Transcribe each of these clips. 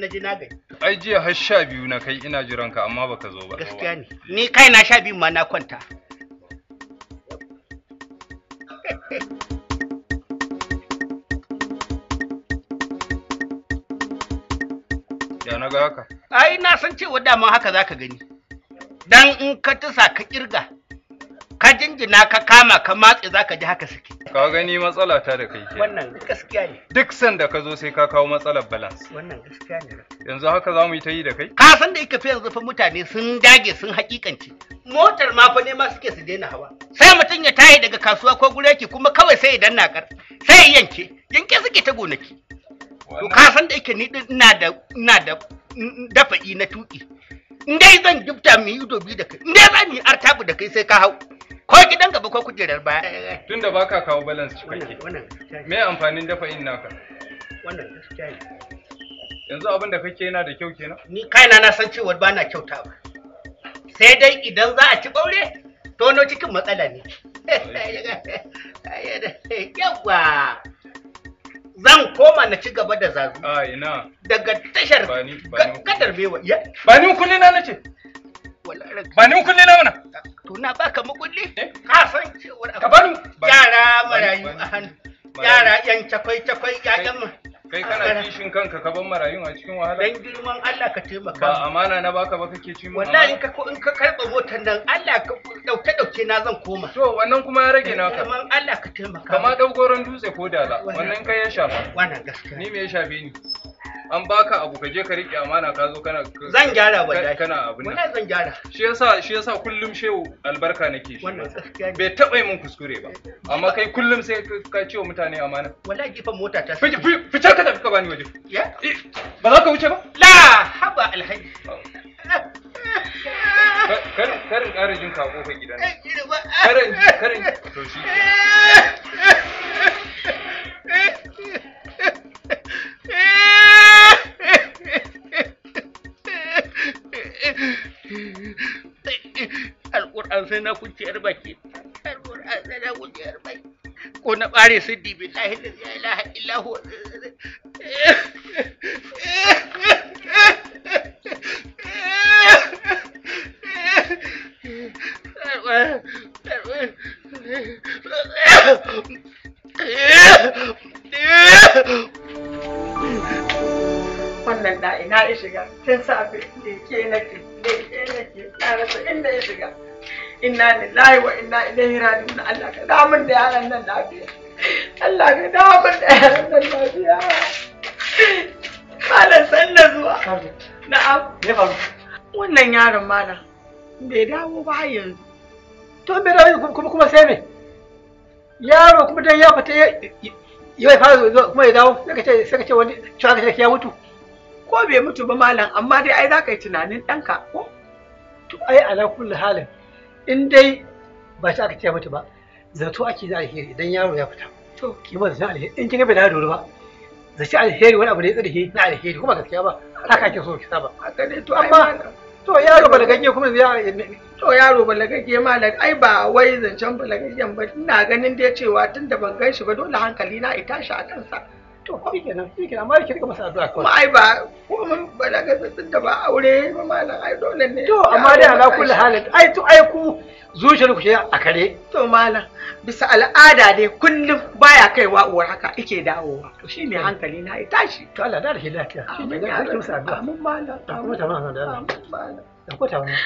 na je na gani ai jiya har sha biyu na kai ina jiran ka amma baka zo ba gaskiya ne ni kai na sha biyu ma na kwanta ya na ga haka ai na san cewa dama haka zaka gani dan in ka tusa ka kirga ka jinjina ka kama ka matse zaka ji haka suke Ka gani matsala ta da kai ke. Wannan gaskiya ne. Duk sanda ka zo sai ka kawo matsalar balance. Wannan gaskiya ne. Yanzu haka za mu yi ta yi da kai? Ka san da fi yanzu fa mutane sun dage sun hakikanci. Motar ma fa nema suke su daina hawa. Sai mutum ya tahi daga kasuwa ko gure yake kuma kawai sai ya danna kar. Sai ya yanke. Yanke suke ta gonaki. To ka san da yake ni ina da ina da dafa'i na tuki. Ndai dai zan gifta mu yi dobi da kai. Ndai dai zan yi artabu da kai sai ka hau. ko gidan gaba ko kujerar baya eh, eh, eh. tunda baka kawo balance cikakke me amfanin dafa in naka wannan gaskiya yanzu abin da kake yana da kyau kenan ni kaina na san cewa ba na kyauta ba sai dai idan za a ci ɓaure tono cikin matsala ne yawa zan koma na ci gaba da zazu daga tashar kadar bewa ba ni kulina na ce ba ni kulli na mana to na baka mukulli eh. ka san cewar ka bani yara marayu a hannu yara yan cakwai cakwai yayan mu kai kana kishin kanka ka ban marayun a cikin wahala dan girman Allah ka taimaka ba amana na baka ba kake ci min wallahi in ka in ka karba motar nan Allah ka dauke dauke na zan koma to wannan kuma ya rage naka kaman Allah ka taimaka kama daugoron dutse ko da wannan kai ya shafa wannan gaskiya ni me ya shafe ni an baka abu ka je ka riƙe amana ka zo kana zan gyara dai kana abu ne zan gyara shi yasa shi yasa kullum shehu albarka nake shi bai taɓa yi min kuskure ba amma kai kullum sai ka ce wa mutane amana wallahi jifan mota ta fice ka tafi ka bani waje Ya. ba za ka wuce ba la haba alhaji karin ƙara jin ka kofar gidan karin karin to shi Yeah! alƙur'an sai na kunciyar baki alƙur'an sai na kunciyar baki ko na ɓare su dibi lahi da ya ilaha illahu Yeah! wannan da ina ya shiga tun safe da ke nake da ke nake na rasa inda ya shiga inna lillahi wa inna ilaihi raji'un Allah ka damun da yaran nan lafiya Allah ka damun da yaran nan lafiya malam sanna zuwa na'am me faru wannan yaron mana bai dawo ba yanzu to bai dawo kuma kuma sai me yaro kuma dan ya fita ya fara kuma ya dawo sai ka ce wani cewa ka ce ya mutu ko bai mutu ba malam amma dai ai za ka yi tunanin ɗanka ko to ai ala kulli halin in dai ba shi aka ce mutu ba zato ake na alheri idan yaro ya fita to ki ba zan alheri in kinga bai da dole ba shi alheri wani abu ne tsirhi na alheri kuma gaskiya ba haka ake so ki saba haka ne to amma to yaro balagagge kuma ya to yaro balagagge malam ai ba wai zancen balagaggen ba ina ganin dai cewa tunda ban gan shi ba dole hankali na ita shi a kansa to shi kenan shi kenan amma ki rika masa addu'a kawai mai ba ko mun balaga tun da ba aure ba malam ai dole ne to amma dai ala kullu halin ai to ai ku zuciyar ku a kare to malam bisa al'ada dai kullum baya kaiwa uwar haka ike dawowa to ne hankali na ya tashi to Allah da shi lafiya shi ne ga masa addu'a amin malam da kuma tamam da Allah amin malam da kuma tamam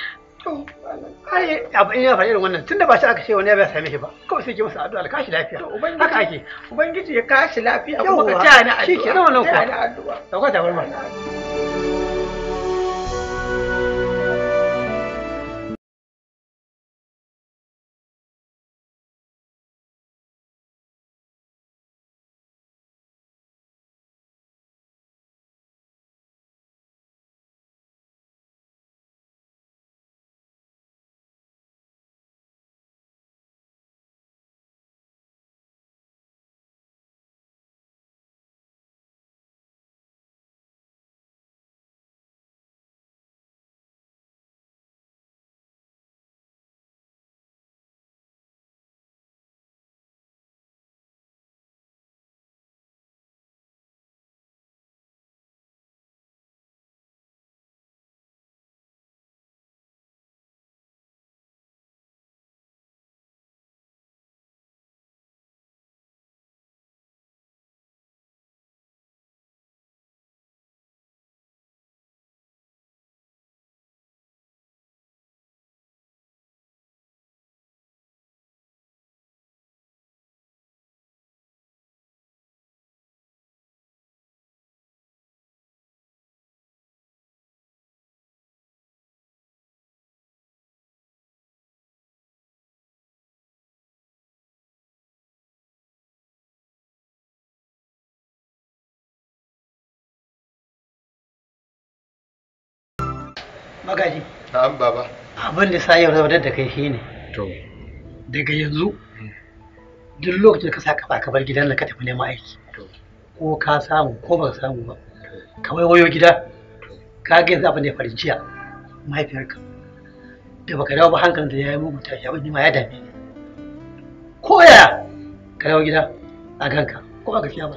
ai abin ya faru irin wannan tunda ba shi aka ce wani ya same shi ba kawai sai ki masa addu'a kashi lafiya haka ake ubangiji ya kashi lafiya kuma ka ta ni addu'a shi ke nan wannan ko ta barma magaji na'am baba abin da sa yau da kai shine to daga yanzu hmm. duk lokacin da ka sa kafa ka bar gidan nan ka tafi neman aiki ko ka samu ko ba samu ba ka wayo gida ka ga yanzu abin da ya farin ciya mahaifiyarka da baka dawo ba hankalin da ya yi mugun ya abin ma ya dame ni ko ya ka dawo gida a ganka ko ba gaskiya ba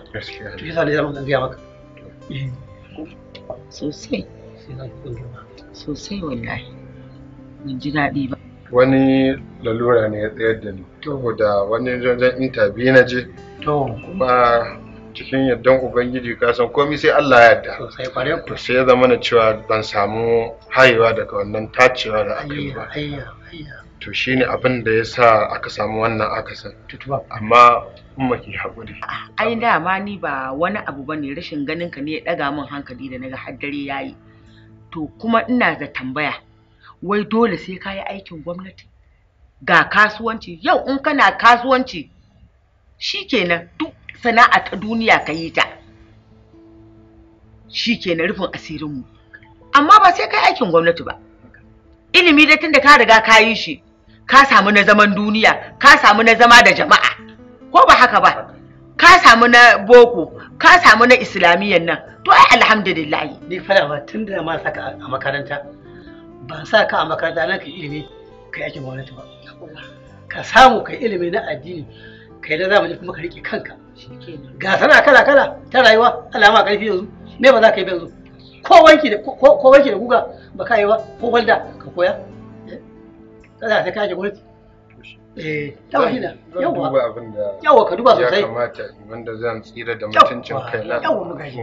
to yasa ne zama zan gaya maka eh. sosai sai za girma sosai wallahi ji daɗi ba wani lalura ne ya tsayar da ni da wani wajen intabi na je kuma cikin yardan ubangiji ka san komai sai Allah ya yarda to sai ya zama na cewa ban samu haihuwa daga wannan tacewa da aka yi ba to ne abin da ya sa aka samu wannan akasin amma umma ki haƙuri ai dama ni ba wani abu ba ne. rashin ganin ka ne ya ɗaga min hankali da naga har dare yayi to kuma ina da tambaya wai dole sai ka yi aikin gwamnati ga kasuwanci yau in kana kasuwanci shikenan duk sana'a ta duniya ka yi ta shikenan rufin asirinmu amma ba sai ka yi aikin gwamnati ba ilimi tun tunda ka riga ka yi shi ka samu na zaman duniya ka samu na zama da jama'a ko ba haka ba ka samu na boko ka samu na islamiyyan nan to ai alhamdulillah ni fara ba tun da ma saka a makaranta ban sa ka a makaranta nan ka ilimi kai ma gwamnati ba ka samu kai ilimi na addini kai na zamani kuma ka rike kanka ga sana kala kala ta rayuwa Allah ma karfi yanzu me ba za ka yi yanzu ko wanki da ko wanki da guga ba ka yi ba ko walda ka koya eh? kada sai ka je gwamnati Eh, yawa ka duba sosai ya kamata wanda zan tsira da mutuncin kaina yawa muka shi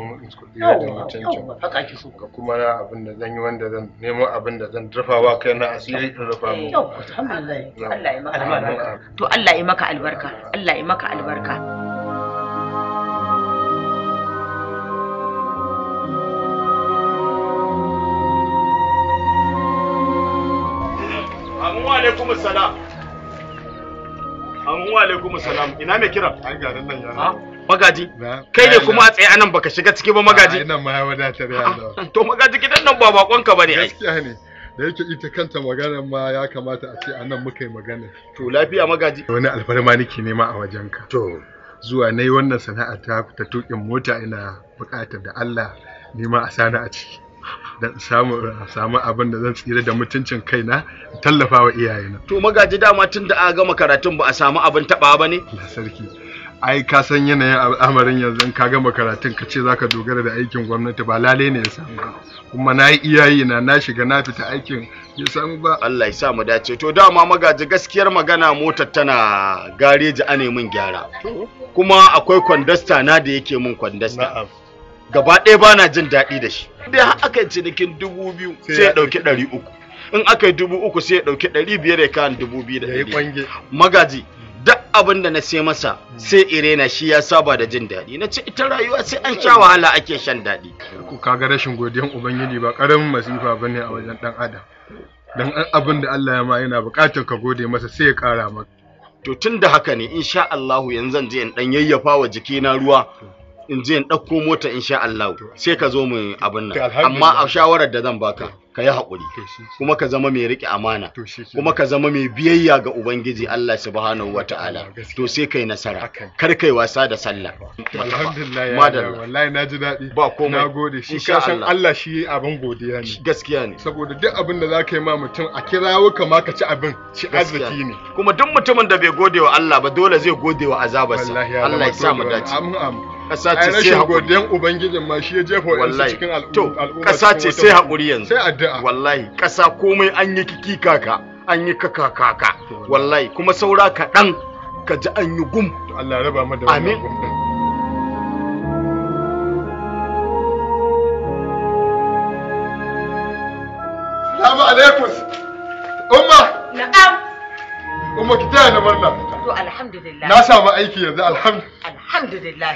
tsira da mutuncin haka ake so ga kuma na abin da zan yi wanda zan nemo abin da zan rufawa kaina asiri in rufa eh, mu yawa alhamdulillah Allah ya maka albarka to Allah ya maka albarka Allah ya maka albarka alaikum salam wa alaikum salam ina mai kira an ga nan ya magaji kai ne kuma a tsaye anan baka shiga ciki ba magaji ina ma ya wadatar ya to magaji gidan nan ba bakon ka bane gaskiya ne da yake ita kanta maganar ma ya kamata a ce anan muka yi magana to lafiya magaji wani alfarma nake nema a wajenka to zuwa nayi wannan sana'a ta ta tukin mota ina bukatar da Allah nema a sana'a a ciki da samu abin da zan tsira da mutuncin kaina tallafa wa iyayena to magaji dama tun da aka gama karatun ba a samu abin taba ba ne na sarki ai ka san yanayin al'amarin yanzu ka gama karatun ka ce zaka dogara da aikin gwamnati ba lale ne ya samu ba. kuma na yi iyayena na shiga na fita aikin ya samu ba Allah ya sa mu dace to dama magaji gaskiyar magana motar tana gareji ane gyara kuma akwai kwandasta na da yake min kwandasta gaba ɗaya ba na jin daɗi da shi dai har aka cinikin dubu biyu sai ya ɗauki ɗari uku in aka yi dubu uku sai ya ɗauki ɗari biyar ya kawo dubu biyu da ɗari magaji duk abin da na sai masa sai irena shi ya saba da jin daɗi na ce ita rayuwa sai an sha wahala ake shan daɗi ku kaga rashin godiyan ubangiji ba ƙaramin masifa ba ne a wajen ɗan adam dan abin da Allah ya ma yana buƙatar ka gode masa sai ya ƙara maka to tun da haka ne insha Allahu yanzu zan je in ɗan yayyafa wa jikina ruwa in je in ɗauko mota insha Allah sai ka zo mu abin nan amma a shawarar da zan baka ka yi haƙuri kuma ka zama mai riƙe amana kuma ka zama mai biyayya ga ubangiji Allah subhanahu wa ta'ala to sai kai nasara kar kai wasa da sallah alhamdulillah wallahi na ji daɗi ba komai gode shi insha Allah Allah shi abin godiya ne gaskiya ne saboda duk abin da zaka yi ma mutum a kirawo ka ma ka ci abin shi arziki ne kuma duk mutumin da bai gode wa Allah ba dole zai gode wa azabarsa Allah ya sa mu dace amin amin kasa ce sai haƙuri rashin ubangijin ma shi ya sai haƙuri yanzu sai addu'a wallahi kasa komai an yi kiki kaka an yi kaka kaka wallahi kuma saura kaɗan ka ji an yi gum Allah raba mu da wannan gum Umma. Na'am. Umma ki taya na murna. alhamdulillah. Na samu aiki yanzu alhamdulillah. alhamdulillah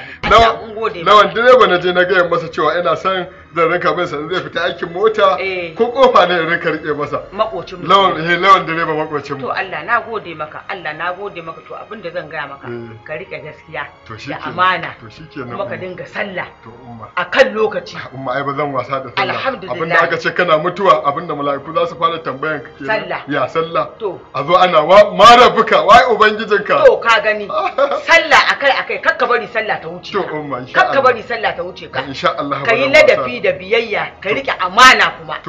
lawan direba na gwanaje na gaya masa cewa ina san zan rinka mai sanin zai fita aikin mota eh. ko kofa ne in rinka rike masa makocin lawan he eh, lawan direba makocin to Allah na gode maka Allah na gode maka to abin da zan gaya maka eh. ka rike gaskiya da amana to shikenan kuma ka dinga sallah to umma akan lokaci ah, umma ai ba zan wasa da sallah alhamdulillah abin da aka ce kana mutuwa abin da mala'iku za su fara tambayan ka kenan sallah ya sallah to a zo ana wa marabuka wai ubangijinka to ka gani sallah akai akai kakka bari sallah ta wuce to umma insha Allah kakka bari sallah ta wuce ka insha Allah ka yi ladafi da biyayya ka rike amana kuma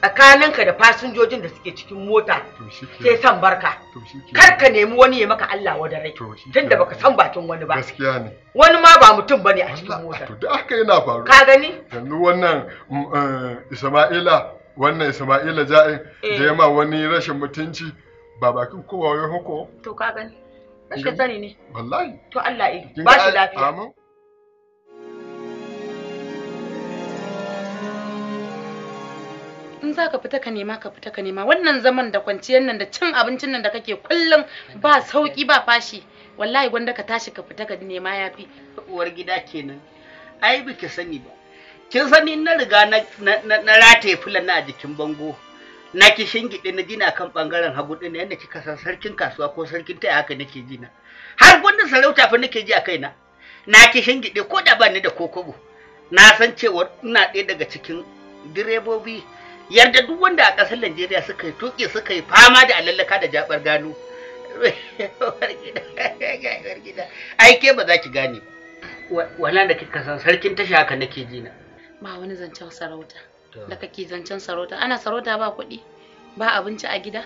tsakaninka da fasinjojin da suke cikin mota sai san barka kar ka nemi wani ya maka Allah wa rai tunda baka san bakin wani ba gaskiya ne wani ma ba mutum bane a cikin mota to da haka yana faru ka gani yanzu wannan mm, eh, Isma'ila wannan Isma'ila ja'i eh. da ya ma wani rashin mutunci ba bakin kowa ya huko to ka gani rashin sani ne wallahi to Allah ya ba shi lafiya amin za ka fita ka nema ka fita ka nema wannan zaman da kwanciyar nan da cin abincin nan da kake kullum ba sauki ba fashi wallahi gwanda ka tashi ka fita ka nema ya fi. uwar gida kenan ai biki sani ba kin sani na riga na na rataye fulan na jikin bango na ki shingiɗe na jina kan bangaren hagu din yadda kika san sarkin kasuwa ko sarkin taya haka nake jina har gwanda sarauta fa nake ji a kaina na ki shingiɗe ko da ba ni da kokobo na san cewa ina ɗaya daga cikin direbobi yarda duk wanda a ƙasar Najeriya suka yi tuƙi suka yi fama da alallaka da jabar gano ai ke ba za ki gane wala da kika san sarkin tashi haka nake ji na ba wani zancen sarauta da kake zancen sarauta ana sarauta ba kuɗi ba abinci a gida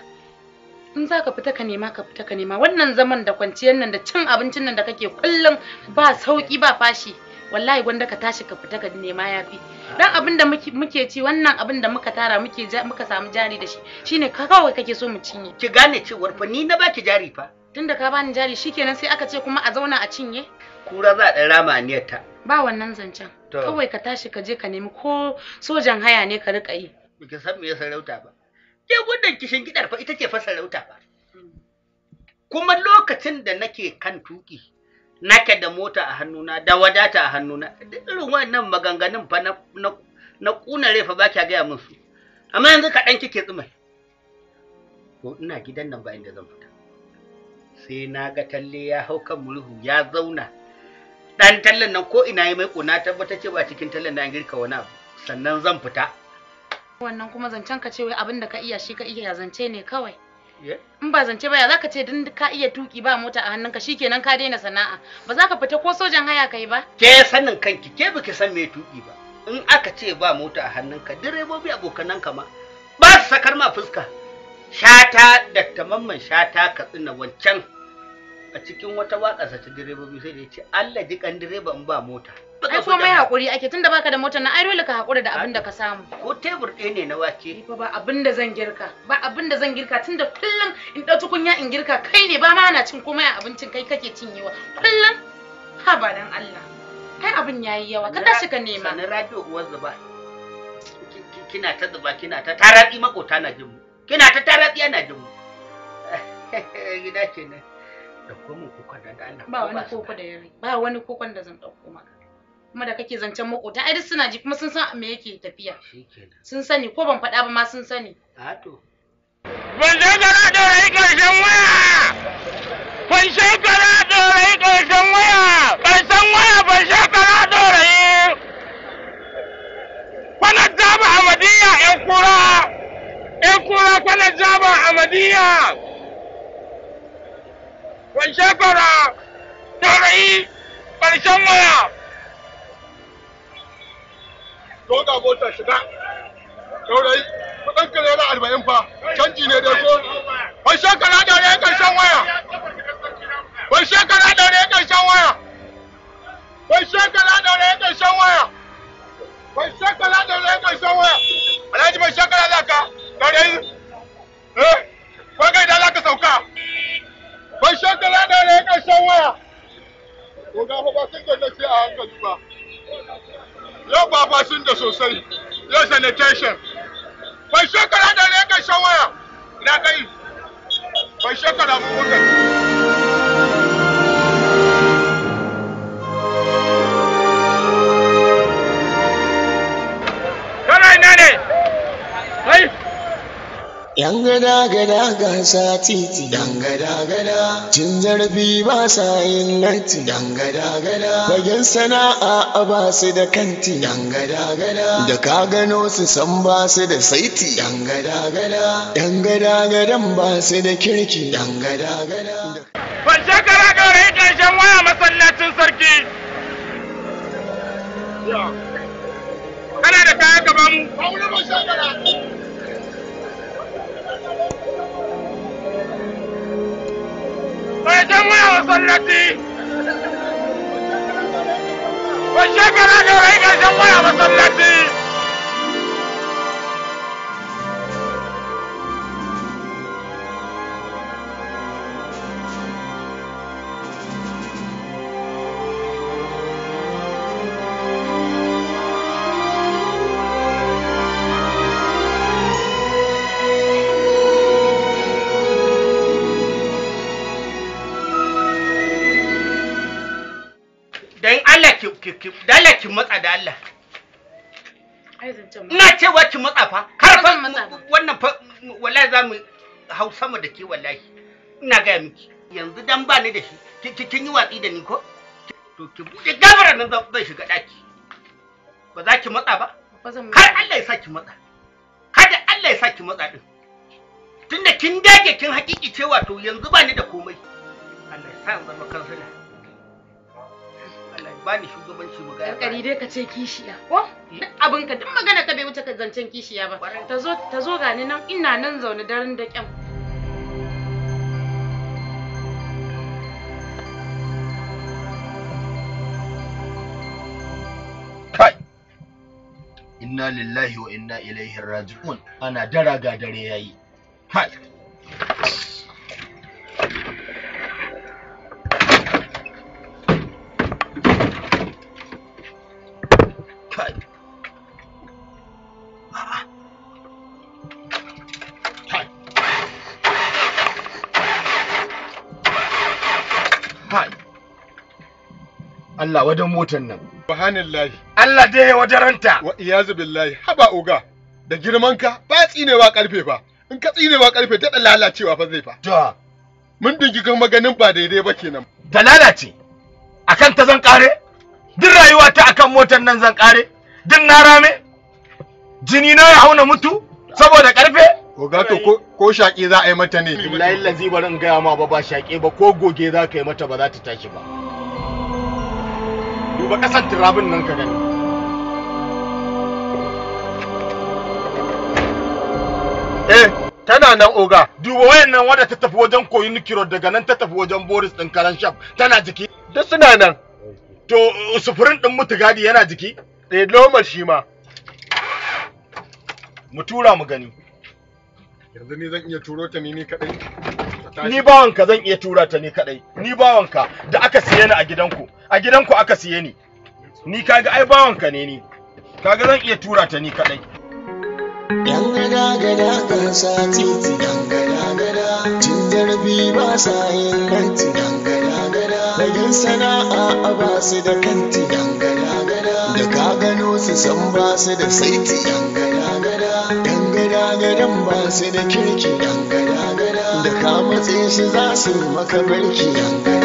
in za ka fita ka nema ka fita ka nema wannan zaman da kwanciyar nan da cin abincin nan da kake kullum ba sauki ba fashi wallahi gwanda ka tashi ka fita ka nema yafi dan abin da muke ci wannan abin da muka tara muke muka samu jari da shi shine ka kawai kake so mu cinye ki gane cewar fa ni na baki jari fa tunda ka bani jari shikenan sai aka ce kuma a zauna a cinye kura za a rama ne ta ba wannan zancen kawai ka tashi ka je ka nemi ko sojan haya ne ka rika yi ki san me sarauta ba ke gudan kishin gidar fa ita ce fa sarauta ba hmm. kuma lokacin da nake kan tuki nake da mota a hannuna da wadata a hannuna duk irin wannan maganganun fa na na kuna fa ba kya gaya musu, amma yanzu ka dan kike tsumai to ina gidan nan ba inda zan fita sai na ga talle ya hau kan murhu ya zauna ɗan tallan nan ko ina yi mai kuna tabbata ce ba cikin tallan na girka wani abu sannan zan fita wannan kuma zancen ka ce wai abin ka iya shi ka iya zance ne kawai in ba zance baya zaka ce dan ka iya tuki ba mota a hannunka shikenan ka daina sana'a ba za ka fita ko sojan haya kai ba ke sanin kanki ke baki san me tuki ba in aka ce ba mota a hannunka direbobi abokan ka ma ba su sakar ma fuska shata da tamamman shata ka tsina wancan a cikin wata waka sa direbobi sai dai, ce Allah jikan direba in ba mota ai ko mai hakuri ake tunda baka da motar nan ai dole ka hakura da abinda ka samu ko tebur ɗaya ne na wake fa ba abinda zan girka ba abinda zan girka tunda kullum in ɗau tukunya in girka kai ne ba ma ana cin komai a abincin kai kake cinyewa kullum ha ba dan Allah kai abin yayi yawa ka tashi ka nema sanin radio uwar zuba kina ta zuba kina ta taratsi makota na jin mu kina ta taratsi ana jin mu gida kenan da kuma kukan da Allah ba wani koko da yare ba wani kokon da zan dauko maka kuma da kake zancen makota ai duk suna ji kuma sun san me yake tafiya sun sani ko ban faɗa ba ma sun sani a to ban shekara ɗorayi karshen waya ban shekara ɗorayi ƙarshen waya ƙarshen waya ban shekara ɗorayi kana jaba amadiya yan kura yan kura kana jaba amadiya ban shekara ra'i, ƙarshen waya to ga mota shiga saurayi kudin kare na arba'in fa canji ne dai ko ban shekara da ne karshen waya ban shekara da ne karshen waya ban shekara da ne karshen waya ban shekara da ne karshen waya alhaji ban shekara za ka saurayi eh ko kai da za ka sauka ban shekara da ne karshen waya ko ga fa ba sun gano sai a hankali ba yau ba fasin da sosai yau sanitation bai shekara da ne ka shawaya na kai bai shekara mu kuka Yan gada gada gasa titi dan gada gada cin zarafi ba sa yin nanti dan gada gada fagen sana'a a ba su da kanti dan gada gada da ka gano su san ba su da saiti dan gada gada gada gadan ba su da kirki dan gada gada ban shekara kawai ƙarshen waya masallacin sarki Ana da kaya gaban mu jama'a masallati ba jan da rai ga jama'a masallati ki dala ki matsa da Allah ina cewa ki matsa fa kar fa wannan fa wallahi za mu hau sama da ke wallahi ina gaya miki yanzu dan ba ni da shi kin yi watsi da ni ko to ki buɗe gabara nan zan shiga ɗaki ba za ki matsa ba kar Allah ya sa ki matsa kada Allah ya sa ki matsa din tunda kin dage kin hakiki cewa to yanzu ba ni da komai Allah ya sa zama kansila bani shugabanci mu gaya kari dai ka ce kishiya ko abin ka duk magana ka bai wuce ka zancen kishiya ba ta zo ta zo gani nan ina nan zaune daren da kyan inna lillahi wa inna ilaihi raji'un ana dara ga dare yayi kai Allah wajen motan nan lahi. Allah dai ya wajaranta wa iyazu billahi haba oga da girman ka ba tsinewa karfe ba, in ka tsinewa karfe ta lalacewa fa zai fa da mun kan maganin ba daidai ba kenan da lalace akan ta zan kare duk rayuwa ta akan motar nan zan kare duk na rame jini na ya hauna mutu saboda karfe Oga to ko shaƙe za a yi mata ne? Billahi lazi barin gaya ma ba ba shaƙe ba ko goge za ka yi mata ba za ta tashi ba. duba kasar turabin nan ka gani eh tana nan oga duba wayan nan wadda ta tafi wajen koyi nukiro daga nan ta tafi wajen boris ɗin karan shaf tana jiki Da suna nan to sufurin ɗin mutu gadi yana jiki eh normal shi ma mu tura mu gani yanzu ni zan iya turo ta ni ni kadai ni bawanka zan iya tura ta ni kadai ni bawanka da aka siye ni a gidanku a gidanku aka siye ni ni kaga ai ka ne ni kaga zan iya tura ta ni kadai Yan gada gada kan sa titi yan gada gada cin ba sa yin kanti yan gada gada lagin sana'a a ba su da kanti yan gada gada da ka gano su san ba su da saiti yan gada gada yan gada gadan ba su da kirki yan gada gada da ka matse shi za su maka barki yan gada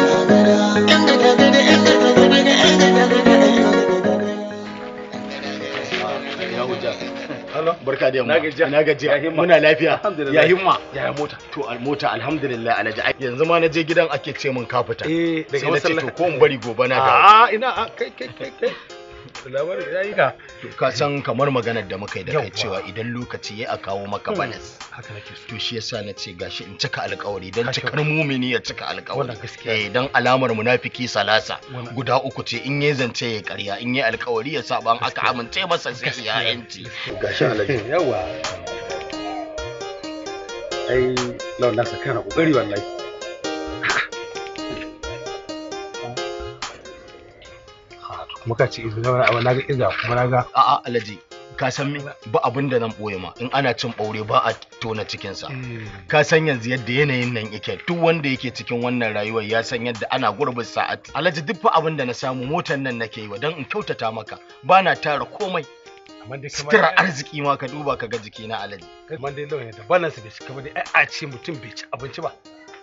barka da yamma na gajiya muna lafiya ya himma ya mota to mota alhamdulillah alaji yanzu ma na je gidan ake ce mun kafita fita eh daga to ko in bari gobe na ga a ah, ina ah, kai kai kai labari ya yi ka ka san kamar maganar da muka yi da kai cewa idan lokaci ya kawo maka hmm, banas, haka nake to shi yasa na ce gashi in cika alƙawari dan cikar mumini ya cika alƙawari eh dan alamar munafiki salasa guda uku ce in yayi zance ya ƙarya in yayi alƙawari ya saba an aka amince masa sai ya yanci gashi alaji yawa ai lawan nasa kana kokari wallahi Muka ci izu na abu na ga iza kuma na ga a'a alaji ka san me ba abin da nan boye ma in ana cin ɓaure ba a tona cikinsa hmm. ka san yanzu yadda yanayin nan yake duk wanda yake cikin wannan rayuwar ya san yadda ana gurbin sa'at alhaji duk fa abin da na samu motar nan nake yi wa don in kyautata maka ba na tara komai Sitira arziki ma ka duba ka ga jikina alaji kamar dai lauyan da balance bai shiga ba dai a ce mutum bai ci abinci ba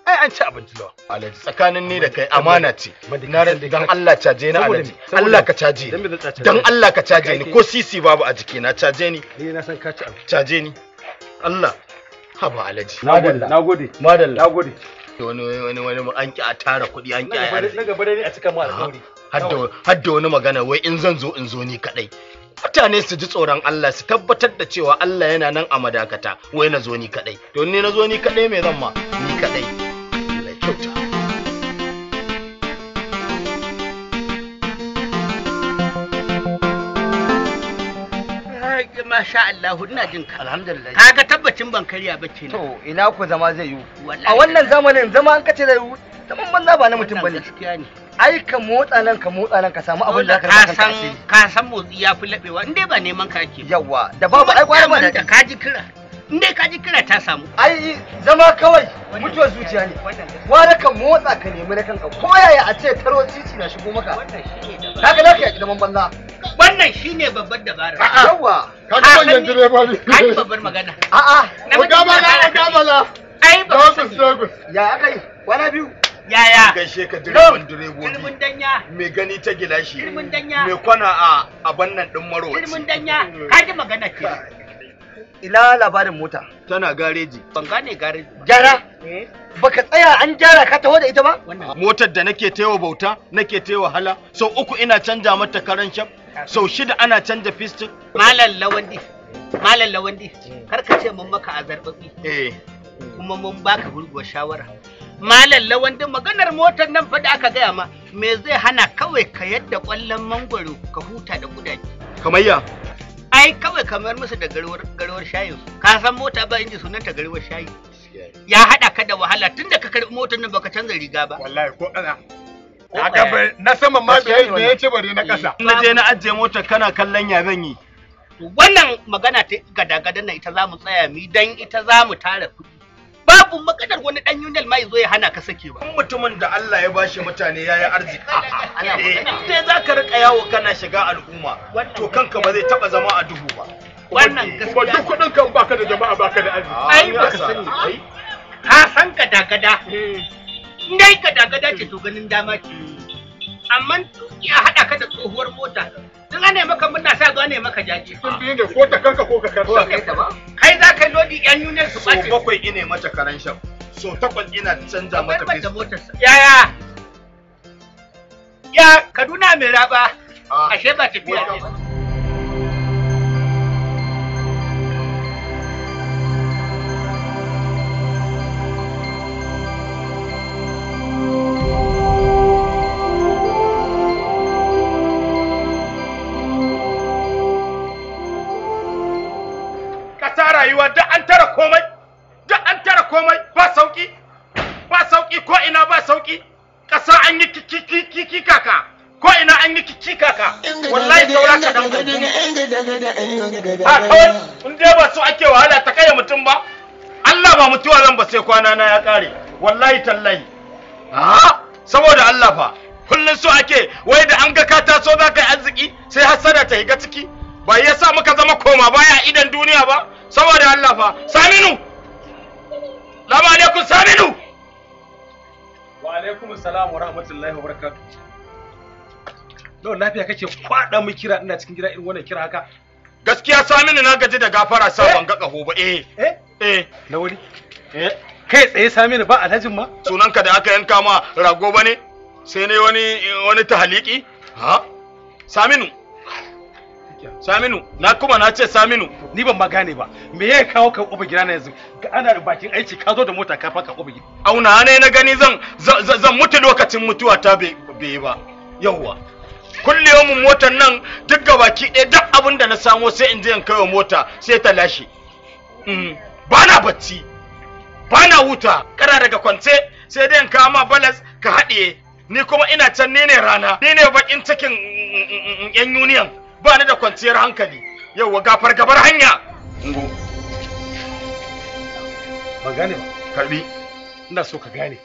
ai an ci abinci lawa alhaji tsakanin ni da kai amana ce na dan Allah caje ni alhaji Allah ka caje ni dan Allah ka caje ni ko sisi babu a jiki na caje ni ni na san ka ci abinci caje ni Allah haba alhaji madalla nagode madalla nagode wani wani wani an ki a tara kuɗi an ki a yi na gaba dai a cika mu alƙawari hadda wani magana wai in zan zo in zo ni kaɗai mutane su ji tsoron Allah su tabbatar da cewa Allah yana nan a madakata wai na zo ni kaɗai to ni na zo ni kaɗai me zan ma ni kaɗai kyauta masha Allah ina jin ka alhamdulillah kaga tabbacin ban karya ba kenan to ina ku zama zai yi a wannan zamanin zama an kace da zaman banza ba na mutum bane gaskiya ne ai ka motsa nan ka motsa nan ka samu abin da ka rasa ka san ka san motsi ya fi labewa in dai ba neman ka ake yawa da babu ai gwara ba da ka ji kira in dai ka ji kira ta samu ai zama kawai mutuwar zuciya ne wani kan motsa ka nemi na kanka ko yaya a ce taro cici na shigo maka ka za ka yaki zaman banza wannan shine babbar dabara yawa ka ji manyan direba ne ka ai babbar magana a'a na gabala na bala ai ba ya aka yi kwana biyu yaya gaishe ka direban direbobi mai gani ta gilashi mai kwana a abannan din maro kirmin danya ka ji magana ke ila labarin mota tana gareji ban gane gareji gyara eh? baka tsaya an gyara ka taho da ita ba motar da nake taiwa bauta nake taiwa hala sau uku ina canja mata karan shaf sau shida ana canja fistin malam lawandi malam lawandi eh. kar ka ce mun maka azarbabi eh kuma mun baka burgo shawara malam Lawandi, maganar motar nan fa da aka gaya ma me zai hana kawai ka yadda kwallon mangwaro ka huta da kudaje kamayya ai kawai kamar musu da garwar shayin ka san mota ba sunan ta garwar shayi ya haɗa ka da wahala tun da ka karbi motar nan baka canza riga ba wallahi ko ana haka ba na sama ma da ya ce bari na eh. ƙasa na je na ajiye motar kana kallon ya zan yi wannan magana ta gada-gadan na ita za mu tsaya mi dan ita za mu tara kuɗi babu maganar wani dan union ma yazo ya hana ka sake ba mutumin da Allah ya bashi mutane yayi arziki eh, sai za ka rika yawo kana shiga al'umma to kanka ba zai taba zama a duhu ba wannan gaskiya duk kudin ka baka da jama'a baka da arziki ai ba ka sani ai ka san ka dagada eh. dai ka dagada ce to ganin dama ce amma ya hada ka da tsohuwar mota duk ana maka muna sa ga ne maka jaje kun biye da ko ta kanka ko ka kanka ba ai za ka lodi yan union su bace so bakwai ine mata karan shan so takwas ina canza mata face yaya ya kaduna mai raba ah. ashe ba tafiya ne a ah, kawai in dai ba su ake wahala ta kai mutum ba Allah ba mutuwa zan ba sai kwana na ya kare wallahi tallahi a ah, saboda Allah fa kullun so ake wai da an ga ka taso za ka yi arziki sai hasada ta higa ciki ba ya sa muka zama koma baya idan duniya ba saboda Allah fa saminu lama alaikum saminu wa alaikum salam wa rahmatullahi wa barakatuh don lafiya kake kwada mu kira ina cikin gida irin wannan kira haka gaskiya saminu na gaji da gafara sa eh? ban ga kaho ba eh eh lauri eh. eh kai tsaye saminu ba alhajin ma sunanka da aka yanka ma rago bane sai ne wani wani tahaliki ha saminu Saminu, na kuma na ce Saminu. Ni ban ma gane ba. Me ya kawo ka uba gida na yanzu? Ga ana bakin aiki ka zo da mota ka faka uba gida. Auna ne na gani zan zan mutu lokacin mutuwa ta bai ba. Yawwa. kulle mun motar nan duk gabaki ɗaya duk abin da na samo sai in je in kai mota sai ta lashe mm. ba na bacci ba na huta kana daga kwance sai dai in kawo ma balas ka haɗiye ni kuma ina can ni ne rana ni ne bakin cikin yan mm, mm, union ba ni da kwanciyar hankali yauwa gafar gabar hanya ngo ba gane ba karbi ina so ka gane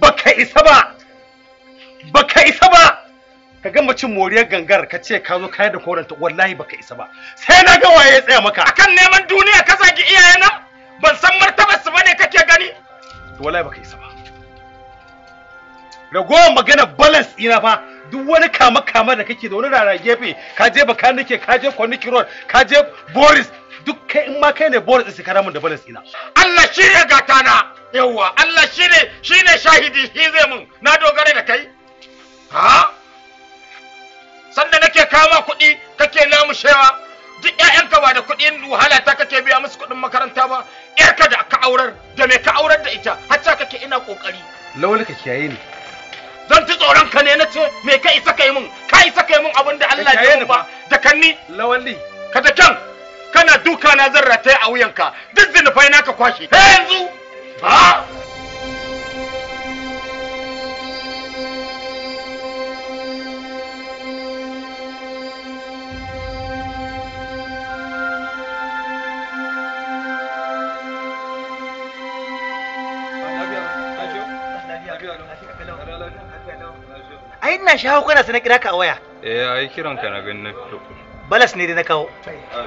baka isa ba baka isa ba ka ga cin moriyar gangar ka ce ka zo kayar da koranta wallahi baka isa ba sai na ga waye ya tsaya maka akan neman duniya ka zagi iyayena ban san martabar su bane kake gani to wallahi baka isa ba ragowar magana balance ina fa duk wani kama kama da kake da wani rara gefe ka je baka nake ka je road ka je boris duk kai in ma kai ne boris sai ka da balance ina Allah shi ne gatana yawwa Allah shi ne shi ne shahidi shi zai mun na dogara da kai ha sanda nake kama kuɗi kake namushewa duk ƴaƴanka ba da kuɗin wahala ta kake biya musu kuɗin makaranta ba ƴarka da ka aurar da me ka aurar da ita hatta kake ina kokari lawal ka kiyaye ni zan ci tsoron ka ne nace me ka isa kai mun ka isa kai mun abin da Allah ya yi ba da kanni lawali ka da kan kana duka na zarra ta a wuyanka duk zinufai naka kwashe yanzu ha ina ina hau kana sai na kira ka a waya eh ai kiran ka na gani na fito balas ne dai na kawo ah,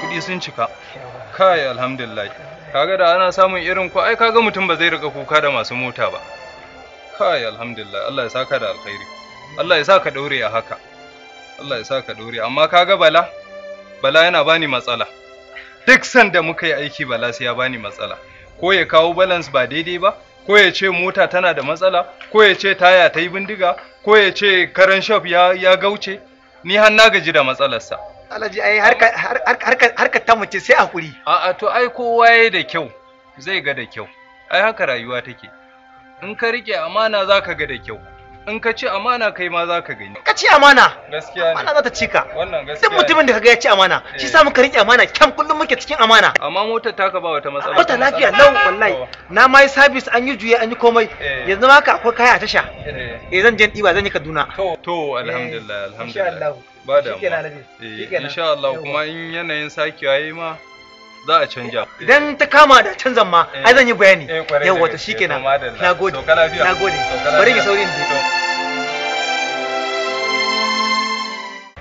kuɗi sun cika kai alhamdulillah kaga da ana samun irin ku ai kaga mutum ba zai rika kuka da masu mota ba kai alhamdulillah Allah ya saka da alkhairi Allah ya saka daure a haka Allah ya saka daure amma kaga bala bala yana bani matsala duk sanda muka yi aiki bala sai ya bani matsala ko ya kawo balance ba daidai ba ko ya ce mota tana da matsala ko ya ce taya ta yi bindiga ko ya ce karan shop ya, ya gauce ni har na gaji da matsalarsa alhaji ai harkar ta mace sai a hakuri a'a to ai kowa ya da kyau zai ga da kyau ai haka rayuwa take in ka rike amana za ka ga da kyau in ka ci amana kai ma za ka gani ka ci amana gaskiya amana za ta ci ka wannan gaskiya duk mutumin da kaga ya ci amana shi eh. sa muka rike amana kyam kullum muke cikin amana amma motar ta ka ba wata matsala motar lafiya lau wallahi na ma yi service an yi juye an yi komai eh. yanzu ma ka akwai kaya a tasha eh, eh zan je diba zan yi Kaduna to to alhamdulillah alhamdulillah ba da mu insha Allah kuma in yanayin sakewa yayi ma za a canja idan ta kama da canzan ma ai zan yi bayani eh, yau wato shikenan na gode, bari ki saurin ji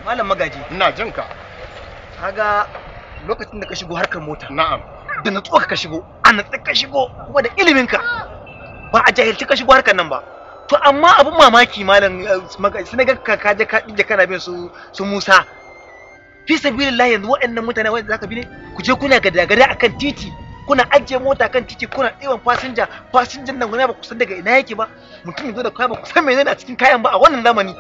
malam magaji ina jin ka kaga lokacin da ka shigo harkar mota na'am da natsuwa ka shigo a natsa ka shigo kuma da ilimin ka ba a jahilci ka shigo harkar nan ba to amma abin mamaki malam eh, magaji sai ga ka je ka kana bin su su Musa fi sabilillah yanzu waɗannan mutane wanda zaka bi ne ku je kuna gada-gada akan titi kuna ajiye mota kan titi kuna ɗiban fasinja fasinjan nan wani ba ku san daga ina yake ba mutum yanzu da kaya ba ku san menene a cikin kayan ba a wannan zamani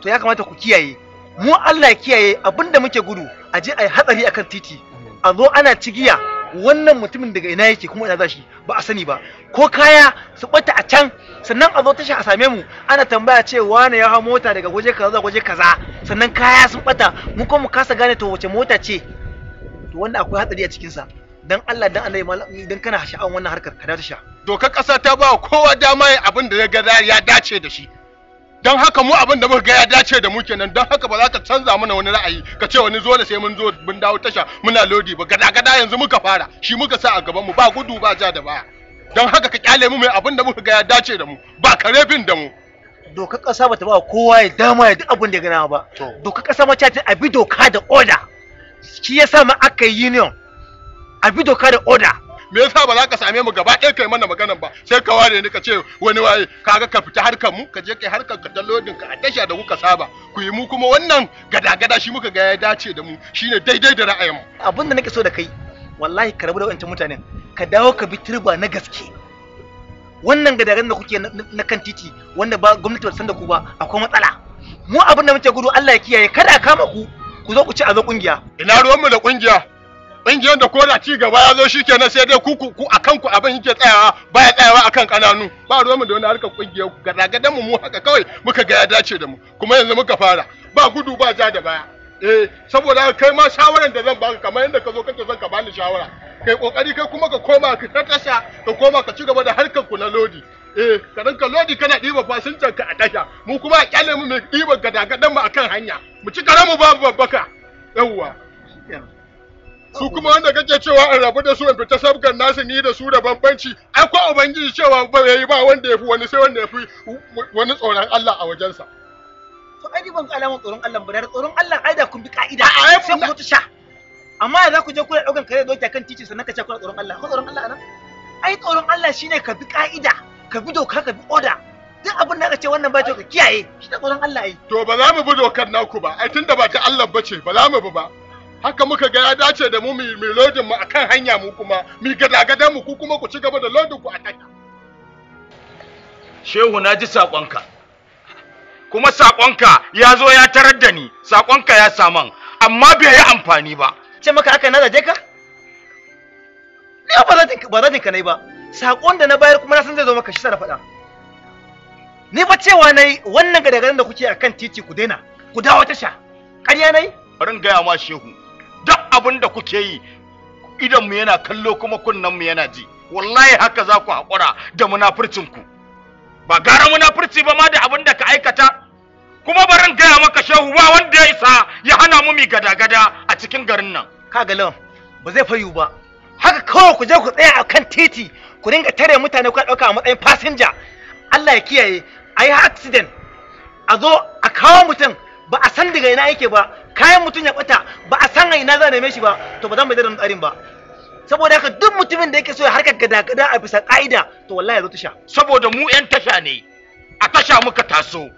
to ya kamata ku kiyaye mu Allah kiyaye abinda muke gudu a je a yi hatsari akan titi a zo ana cigiya wannan mutumin daga ina yake kuma ina zashi ba a sani ba ko kaya su bata a can sannan a zo tashi a same mu ana tambaya cewa wane ya hau mota daga waje kaza zuwa waje kaza sannan kaya sun bata mu kuma mu kasa gane to wace mota ce to wanda akwai hatsari a cikin sa dan Allah dan Allah malami dan kana sha'awan wannan harkar ka ta sha dokar kasa ta ba kowa dama abin da ya ga ya dace da shi don haka mu abin da muka ga ya dace da mu kenan don haka ba za ka canza mana wani ra'ayi ka ce wani zo da sai mun zo mun dawo tasha muna lodi ba gada gada yanzu muka fara shi muka sa a gaban mu ba gudu ba ja da ba. don haka ka kyale mu mai abin da muka ga ya dace da mu ba kare da mu dokar kasa bata ba kowa ya dama ya duk abin da ya gana ba dokar kasa ma ta a bi doka da oda shi yasa ma aka yi union a bi doka da oda me yasa ba za ka same mu gaba ɗaya kai mana maganan ba sai ka ware ni ka ce wani waye kaga ka fita harkar mu ka je kai harkar ka din ka a tasha da kuka saba ku yi mu kuma wannan gada-gada shi muka ga ya dace da mu shine daidai da ra'ayin mu abin da nake so da kai wallahi ka rabu da wancan mutanen ka dawo ka bi turba na gaske wannan gada gada-gada da kuke na kan titi wanda ba gwamnati ba san da ku ba akwai matsala mu abin da muke gudu Allah ya kiyaye kada kama ku ku zo ku ci a zo kungiya ina ruwan mu da kungiya ƙungiyar da koda ci gaba ya zo na sai dai ku ku a kanku abin yake tsayawa baya tsayawa a kan kananu ba ruwan mu da wani harkar ƙungiyar ku gada gada mu haka kawai muka ga dace da mu kuma yanzu muka fara ba gudu ba ja da baya eh saboda kai ma shawaran da zan baka kamar yadda ka zo kake son ka bani shawara kai kokari kai kuma ka koma ka tasha ka koma ka ci gaba da harkar ku na lodi eh ka rinka lodi kana ɗiba fasincan ka a tasha mu kuma a kyale mu mai gada-gada mu akan hanya mu ci karamu babu babbaka yawwa su kuma wanda kake cewa an rabu da su in fita sabgar nasu ni da su da bambanci akwai ubangiji cewa ba yayi ba wanda ya fi wani sai wanda ya fi wani tsoron Allah a wajensa to ai ban alamar tsoron Allah ba da tsoron Allah ai da kun bi ka'ida a ai kun mutu sha amma za ku je kuna daukan kare doki kan titi sannan ka ce kuna tsoron Allah ko tsoron Allah anan ai tsoron Allah shine ka bi ka'ida ka bi doka ka bi oda duk abin da aka ce wannan ba ka kiyaye shi da tsoron Allah ai to ba za mu bi dokar naku ba ai tunda ba ta Allah bace ba za mu bi ba haka muka ga ya dace da mu mu lodin mu akan hanya mu kuma mu gada-gadan mu ku kuma ku ci gaba da lodin ku a kanta shehu na ji saƙonka kuma saƙonka ya zo ya tarar da ni saƙonka ya saman amma bai yi amfani ba ce maka aka na zaje ka ni ba zan ba zan ka nai ba saƙon da na bayar kuma na san zai zo maka shi na faɗa ni ba cewa nayi wannan gada da kuke akan titi ku daina ku dawo tasha ƙarya nayi bari in gaya ma shehu duk abin da kuke yi idan yana kallo kuma kunnen mu yana ji wallahi haka za ku haƙura da munafurcin ku ba gara munafurci ba ma da abin da ka aikata kuma barin gaya maka shehu ba wanda ya isa ya hana mu mi gada-gada a cikin garin nan kaga lawan ba zai fayu ba haka kawai ku je ku tsaya a kan titi ku dinga tare mutane ku ɗauka a matsayin fasinja Allah ya kiyaye a yi accident a zo a kawo mutum ba a san daga ina yake ba kayan mutum ya bata ba a san ina za a neme shi ba to ba zan mu da tsarin ba saboda haka duk mutumin da yake so ya harkar gada-gada a bisa ka'ida to wallahi zo tasha saboda mu yan tasha ne a tasha muka taso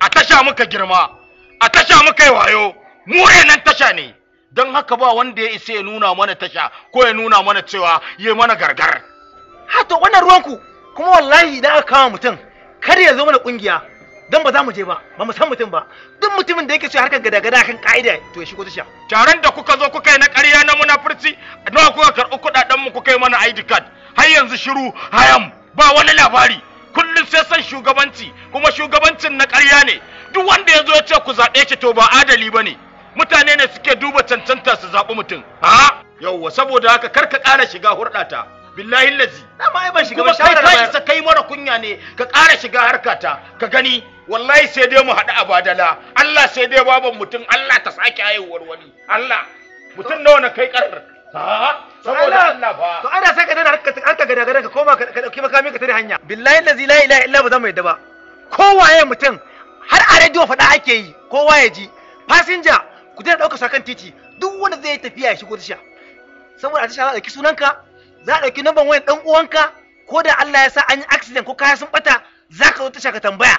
a tasha muka girma a tasha muka yi wayo mu nan tasha ne don haka ba wanda ya isa ya nuna mana tasha ko ya nuna mana cewa ya mana gargar ha to wannan ruwanku kuma wallahi idan aka kama mutum kar ya zo mana kungiya dan ba za mu je ba ba mu san mutum ba duk mutumin da yake so harkar gada-gada kan ka'ida to ya shigo sha. taron da kuka zo kuka yi na ƙarya na munafurci nawa kuka karɓi kuɗaɗen mu kuka yi mana ID card har yanzu shiru hayam ba wani labari kullum sai san shugabanci kuma shugabancin na ƙarya ne duk wanda ya zo ya ce ku zaɓe shi to ba adali ba ne mutane ne suke duba cancanta su zaɓi mutum ha yauwa saboda haka kar ka ƙara shiga hurɗata billahi lazi na ma ban shiga ba kai mara kunya ne ka ƙara shiga harkata ka gani wallahi sai dai mu haɗu a badala Allah sai dai baban mutum Allah ta sake haihuwar wani Allah mutum nawa na kai ƙasar saboda Allah ba to ana saka dana harka gada gada ka koma ka dauki makami ka tare hanya billahi la ilaha illa ba za mu yadda ba kowaye mutum har a rediyo faɗa ake yi kowa ya ji fasinja ku daina dauka sakan titi duk wanda zai tafiya ya shigo tasha saboda a tasha za a ɗauki sunanka za a ɗauki namban wayan ɗan uwanka ko da Allah ya sa an yi accident ko kaya sun bata za ka zo tasha ka tambaya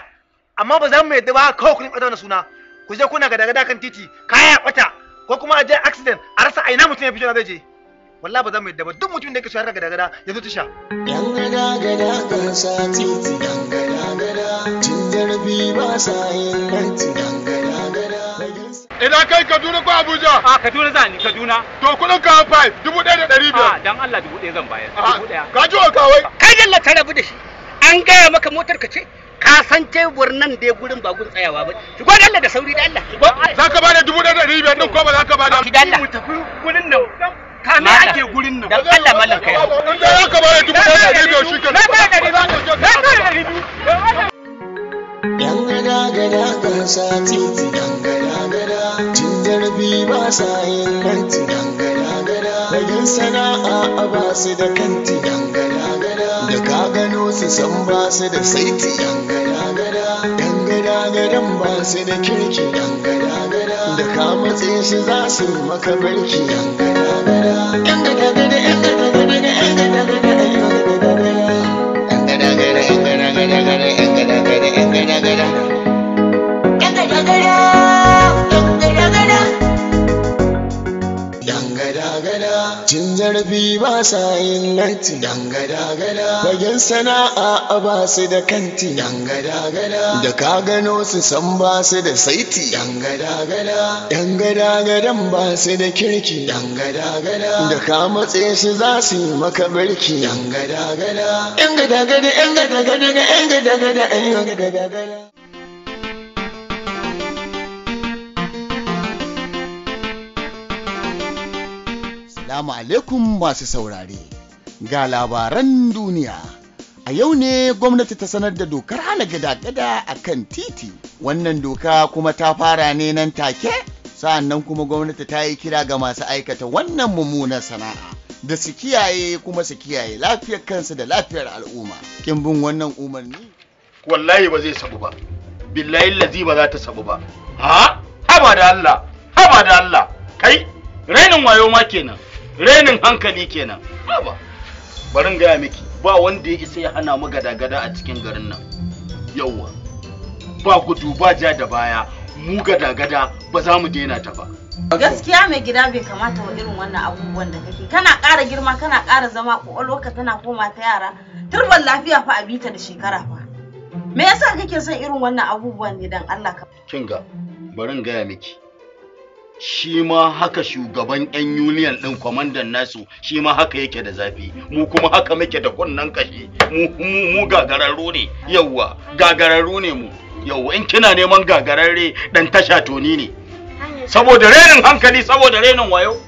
amma ba za mu yadda ba kawai kun ɓata wani suna ku je kuna gada gada kan titi kaya ɓata ko kuma a je accident a rasa a ina mutum ya fito na zai je wallahi ba za mu yadda ba duk mutum da yake shahara gada gada ya zo tusha. yan gada gada kan sa titi gada gada cin jarbi ba sa yin lanti gada gada. Ina kai Kaduna ko Abuja? A Kaduna za ni Kaduna. To kudin ka five dubu ɗaya da ɗari biyar. A dan Allah dubu ɗaya zan bayar. Dubu ɗaya. Ka ji wa kawai. Kai dalla ta rabu da shi. An gaya maka motar ka ce? ka san tebur nan dai gurin ba gun tsayawa ba shigo da Allah da sauri da Allah shigo za ka bada dubu da ɗari biyar din ko ba za ka bada da Allah mu tafi gurin nan ka me ake gurin nan dan Allah mallan kai in da za ka bada dubu da ɗari biyar shi ka na ba da riba na ba da riba Yan gada gada ga sa titi yan gada gada cin zarafi ba sa yin kanti yan gada gada da sana'a a ba su da kanti yan gada gada da ka su san ba su da saiti gada gadan ba su da kirki dangada-gada da ka matse shi za su maka barki dangada-gada cin zarafi ba sa yin latti dangada gada fagen sana'a ba su da kanti dangada gada da ka gano su san ba su da saiti dangada gada gada ba su da kirki dangada gada da ka matse su za su yi maka barki dangada gada yan gada gada yan gada gada yan gada gada yan gada gada Assalamu alaikum masu saurare. Ga labaran duniya. A yau ne gwamnati ta sanar da dokar hana gada-gada a kan titi. Wannan doka kuma ta fara ne nan take? Sa'annan kuma gwamnati ta yi kira ga masu aikata wannan mummunar sana'a. Da su kiyaye kuma su kiyaye lafiyar kansu da lafiyar al'umma. Kin bin wannan umarni? Wallahi ba zai sabu ba. Billahi lazi ba za ta sabu ba. Ha? Haba da Allah. Haba da Allah. Kai? rainin wayo ma kenan renin hankali kenan haba barin gaya miki ba wanda ya isa ya hana mu gada-gada a cikin garin nan yauwa ba gudu ba ja da baya mu gada ba za mu daina ta ba gaskiya mai gida bai kamata wa irin wannan abubuwan da kake kana ƙara girma kana ƙara zama ka tana koma ta yara turban lafiya fa a bita da shekara fa me yasa kake son irin wannan abubuwan ne dan Allah ka kinga barin gaya miki shi ma haka shugaban 'yan union ɗin kwamandan nasu shi ma haka yake da zafi mu kuma haka muke da kunnan kashi mu gagararru ne yauwa gagararru ne mu yauwa in kina neman gagararre dan tasha toni ne saboda renin hankali saboda renin wayo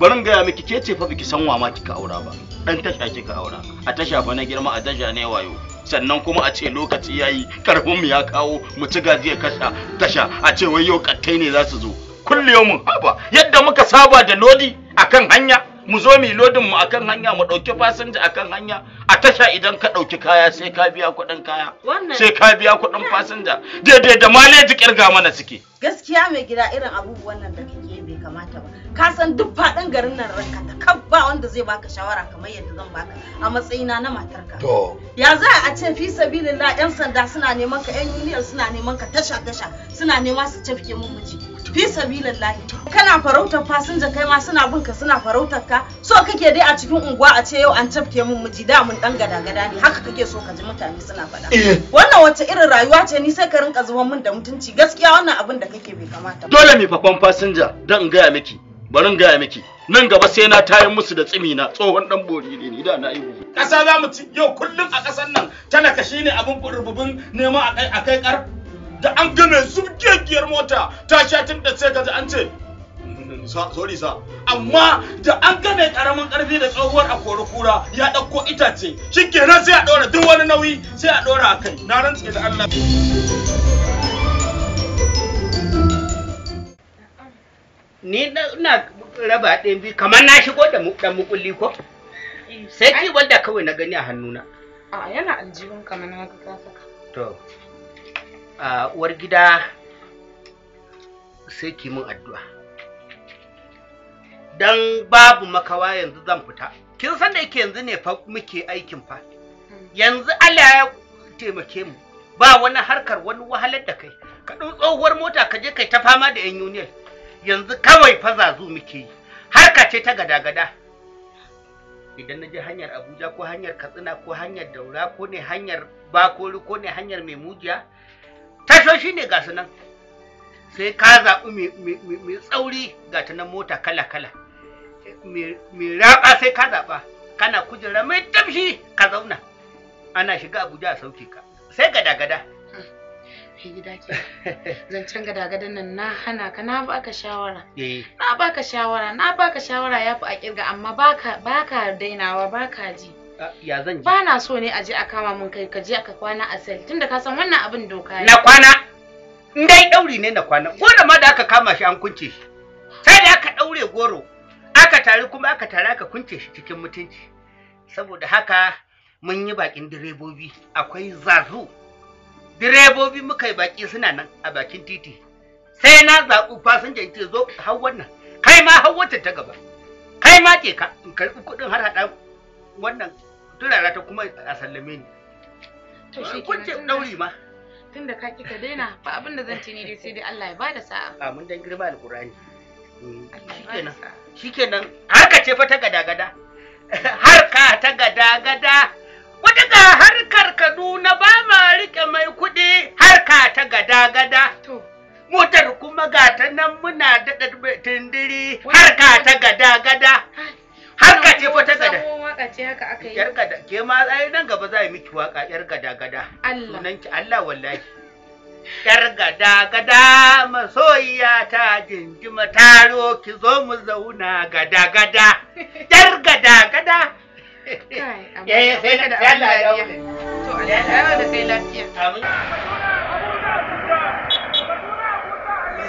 bari in gaya miki ke ce fa biki san wa ma kika aura ba dan tasha kika aura a tasha fa na girma a tasha ne wayo sannan kuma a ce lokaci yayi karfin mu ya kawo mu ci gajiyar kasha tasha a ce wai yau kattai ne za su zo kulli yawmin haba yadda muka saba da lodi akan hanya mu zo mu lodin mu akan hanya mu dauki fasinja akan hanya a tasha idan ka dauki kaya sai ka biya kuɗin kaya sai ka biya kuɗin fasinja daidai da maleji kirga mana suke gaskiya mai gida irin abubuwan nan da kake bai kamata ba ka san duk faɗin garin nan ranka ta kab ba wanda zai baka shawara kamar yadda zan baka a matsayina na matarka to ya za a ce fi sabilillah yan sanda suna neman ka yan union suna neman ka tasha tasha suna neman su cafke mun miji fi sabilillahi kana farautar fasinja kai ma suna bin ka suna farautar ka so kake dai a cikin unguwa a ce yau an tafke mun miji da mun dan gada gada ne haka kake so ka ji mutane suna faɗa eh. wannan wace irin rayuwa ce ni sai ka rinka zuwa mun da mutunci gaskiya wannan abin da kake bai kamata dole mi fafan fasinja dan in gaya miki bari in gaya miki nan gaba sai na tayar musu da tsimi na tsohon dan bori ne ni da na aihu kasa za mu ci yau kullum a kasan nan tana kashi ne abin rububin neman a kai kar da an gane mai zubgegiyar mota ta sha tun da sai kaza an ce sorry sa amma da an gane mai karamin karfi da tsohuwar a kori kura ya ɗauko itace shikenan sai a ɗora duk wani nauyi sai a ɗora a kai na rantsa da Allah ni ina raba ɗin biyu kamar na shigo da dan mukulli ko eh. sai ki wanda kawai na gani a hannuna a yana aljihun kamar na ga ka saka to uwar gida sai ki min addu'a don babu makawa yanzu zan fita kin san da yake yanzu ne fa muke aikin fa yanzu Allah ya taimake mu ba wani harkar wani wahalar da kai ka ɗau tsohuwar mota ka je kai ta fama da yan union yanzu kawai fa zazu muke yi harka ce ta gada-gada idan na je hanyar abuja ko hanyar katsina ko hanyar daura ko ne hanyar bakori ko ne hanyar mai mujiya tashoshi ne ga nan sai ka zaɓi mai tsauri ga ta nan mota kala-kala mai raɓa sai ka zaɓa kana kujera mai tafshi ka zauna ana shiga abuja a sauke ka sai gada-gada zancen gada ke zancen nan na hana ka na baka eh. shawara na baka shawara na baka shawara ya fi a kirga amma baka baka dainawa baka ji ya zan je Bana na so ne a je a kama mun kai ka je aka kwana a sel tunda ka san wannan abin doka ne na kwana in dai dauri ne na kwana ko da ma da aka kama shi an kunce shi sai da aka daure goro aka tare kuma aka tare aka kunce shi cikin mutunci saboda haka mun yi bakin direbobi akwai zazu direbobi muka yi baki suna nan a bakin titi sai na zaɓi fasinja ce zo hau wannan kai ma hau wata ta gaba kai ma ke ka in karɓi kuɗin har haɗa wannan Tun turara ta kuma a sallame ni to shi kenan dauri ma tunda ka ki ka daina ba abin da zan ci ne dai sai dai Allah ya bada sa'a mun dan girma Alƙur'ani. Mm, shikenan shikenan harka ce fa ta gada-gada harka ta gada-gada wata harkar Kaduna ba ma riƙe mai kuɗi harka ta gada-gada motar kuma ga ta nan muna daɗa tindiri harka ta gada-gada harka ce fa ta gada ce haka aka yi yar gada ke ma ai nan gaba za yi miki waka yar gada gada Allah sunan ki Allah wallahi yar gada gada masoyiya ta jinjima taro ki zo mu zauna gada gada yar gada gada kai amma eh, sai da Allah ya yi. to Allah ya da kai lafiya amin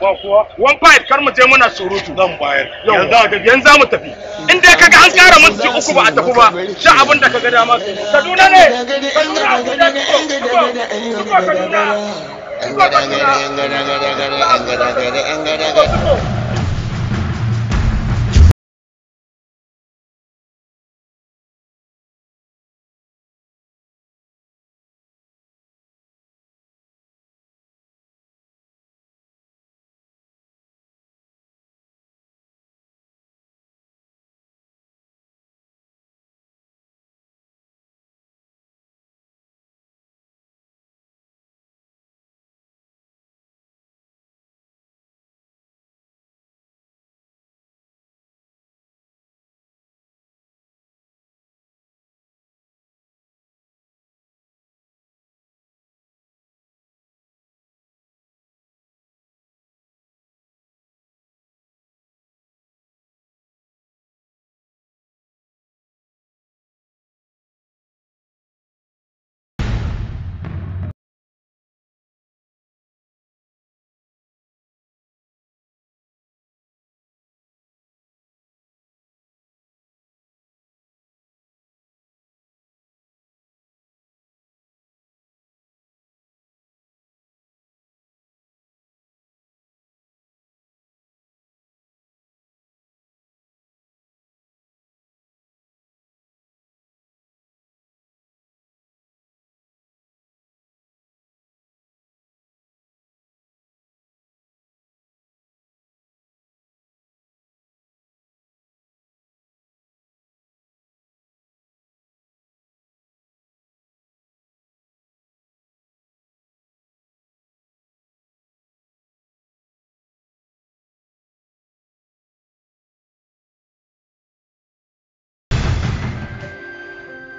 ba kuwa kar mu je muna surutu zan bayar yanzu yanzu za mu tafi in dai kaga an kara minti uku ba a tafi ba sha abin da kaga dama kaduna ne kaduna kaduna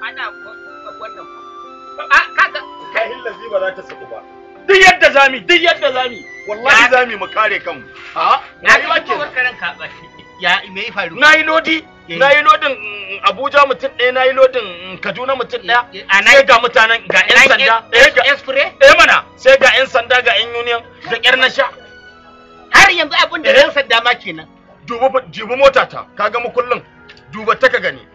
ana wannan ah, kaga kahin lazi ba za ta saku ba duk yadda zami duk yadda zami wallahi zami mu kare kanmu a ah, na yi wake ya me ya faru na yi lodi na yi lodin mm, Abuja mutum ɗaya na yi lodin mm, Kaduna mutum ɗaya sai ga mutanen ga 'yan sanda eh, eh mana sai ga 'yan sanda ga 'yan union da ƙyar na sha har yanzu abin da 'yan eh. sanda ma kenan dubi mota ta kaga mu kullum duba ta ka gani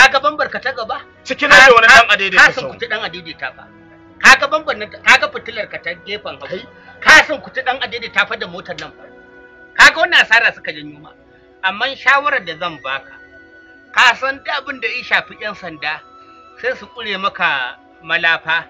ka ga bambar ka ta gaba cikin da wani dan adaidaita ka san kuti dan adaidaita fa ka ga bambar nan kaga fitilar ka ta gefen hagu ka san kuti dan adaidaita fa da motar nan fa ka ga wannan asara suka janyo ma amma shawarar da zan baka ka san da abin da ya shafi yan sanda sai su kure maka malafa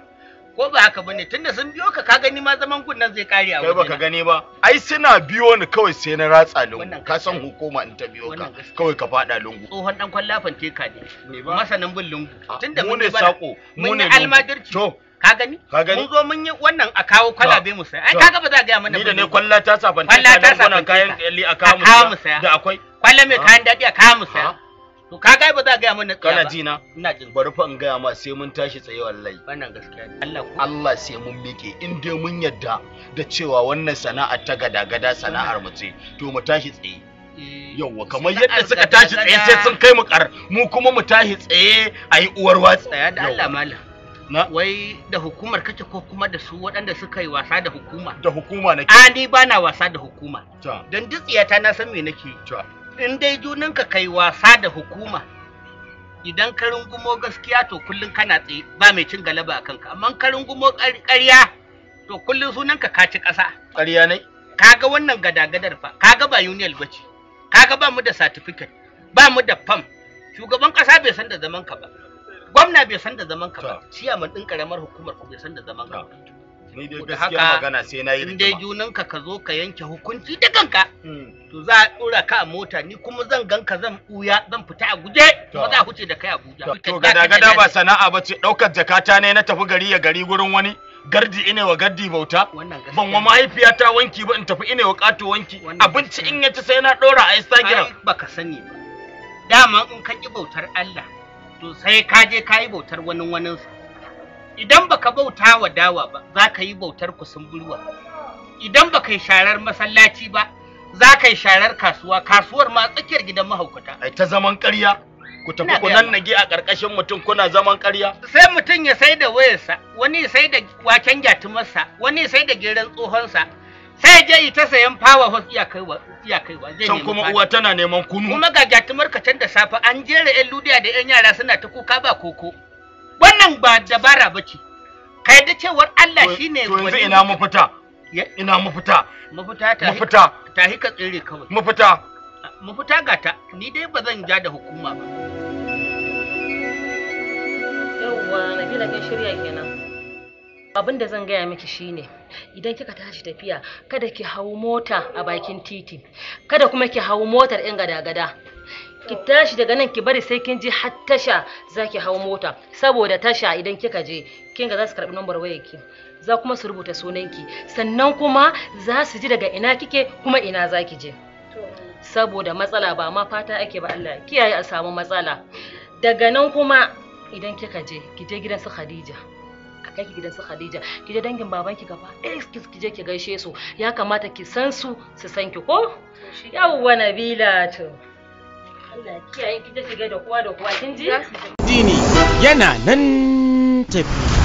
ko ba haka bane tunda sun biyo ka ka gani ma zaman gunnan zai kare a wajen kai baka gani ba ai suna biyo ni kawai sai na ratsa lungu ka san hukuma in ta biyo ka kawai ka fada lungu tsohon dan kwalla fanke ka ne masanin bin lungu tunda mun ne sako mun ne almadirci to ka gani mun zo mun yi wannan a kawo kwalabe mu sai ai kaga ba za ga mana ni da ne kwalla ta safanta ta dan kayan kyalli a kawo mu da akwai kwalla mai kayan dadi a kawo mu sai To ka kai ba za ga mun tsaya Kana ji na? Ina jin bari fa in ga ma sai mun tashi tsaye wallahi. Wannan gaskiya ne. Allah ku. Allah sai mun miƙe in dai mun yadda da cewa wannan sana'a ta gada-gada sana'ar mu ce to mu tashi tsaye. Eh, Yawwa kamar yadda suka tashi tsaye sai sun kai mu kar mu kuma mu tashi tsaye a yi uwar watsi. Tsaya da Allah malam. Na? Wai da hukumar kake ko kuma da su waɗanda suka yi wasa da hukuma. Da hukuma nake. A ni ba na wasa da hukuma. Don duk na san me nake. in dai junanka kai wasa da hukuma idan ka rungumo gaskiya to kullum kana tsaye ba mai cin galaba a kanka amma ka rungumo ƙarya to kullum sunanka ka ci ƙasa ƙarya ne kaga wannan gadagadar fa kaga ba union ba ce kaga ba mu da certificate ba mu da fam shugaban ƙasa bai san da zaman ka ba gwamna bai san da zaman ka ba ciyaman ɗin ƙaramar hukumar ku bai san da zaman ka ba ni dai gaskiya magana sai na yi rigima dai junanka ka zo ka yanke hukunci da kanka hmm. to za a dora ka a mota ni kuma zan ganka zan buya zan fita a guje kuma za a huce da kai a guje. to gada gada ba sana'a ba ce daukar jakata ne na tafi gari ya gari gurin wani gardi ine wa gardi bauta ban wa mahaifiyata wanki ba in tafi ine wa kato wanki abinci in yaci sai na dora a Instagram ka sani ba dama in ka ki bautar Allah to sai ka je ka yi bautar wani waninsa idan baka bauta wa dawa ba za ka yi bautar bulwa idan baka yi sharar masallaci ba za ka yi sharar kasuwa kasuwar ma tsakiyar gidan mahaukata ai ta zaman ƙarya ku tafi ku nan nage a ƙarƙashin mutum kuna zaman ƙarya sai mutum ya sai da wayarsa wani sai da waken gyatumarsa wani sai da geran tsohonsa sai je yi ta sayan power hos iya kaiwa iya kaiwa zai can kuma uwa tana neman kunu kuma ga gyatumar ka can da safe an jera yan ludiya da yan yara suna ta kuka ba koko wannan ba dabara ba ce ka yadda cewar Allah shi ne to yanzu ina mafita ina mafita mafita ta mafita ta hika tsere kawai mafita mafita ga ta ni dai ba zan ja da hukuma ba yawwa nabila kin shirya kenan abin da zan gaya miki shine idan kika tashi tafiya kada ki hau mota a bakin titi kada kuma ki hau motar yan gada-gada ki tashi daga nan ki bari sai kin je har tasha zaki hau mota saboda tasha idan kika je kin ga za su karbi lambar wayar ki za kuma su rubuta sunan ki sannan kuma za su ji daga ina kike kuma ina zaki je saboda matsala ba ma fata ake ba Allah kiyaye a samu matsala daga nan kuma idan kika je ki je gidan su Khadija a kai gidan su Khadija ki je dangin baban ki gaba eh ki je ki gaishe su ya kamata ki san su su san ki ko yawwa Nabila to Allah kiyaye ki shige da kowa da kowa kin ji? Dini yana nan tafi.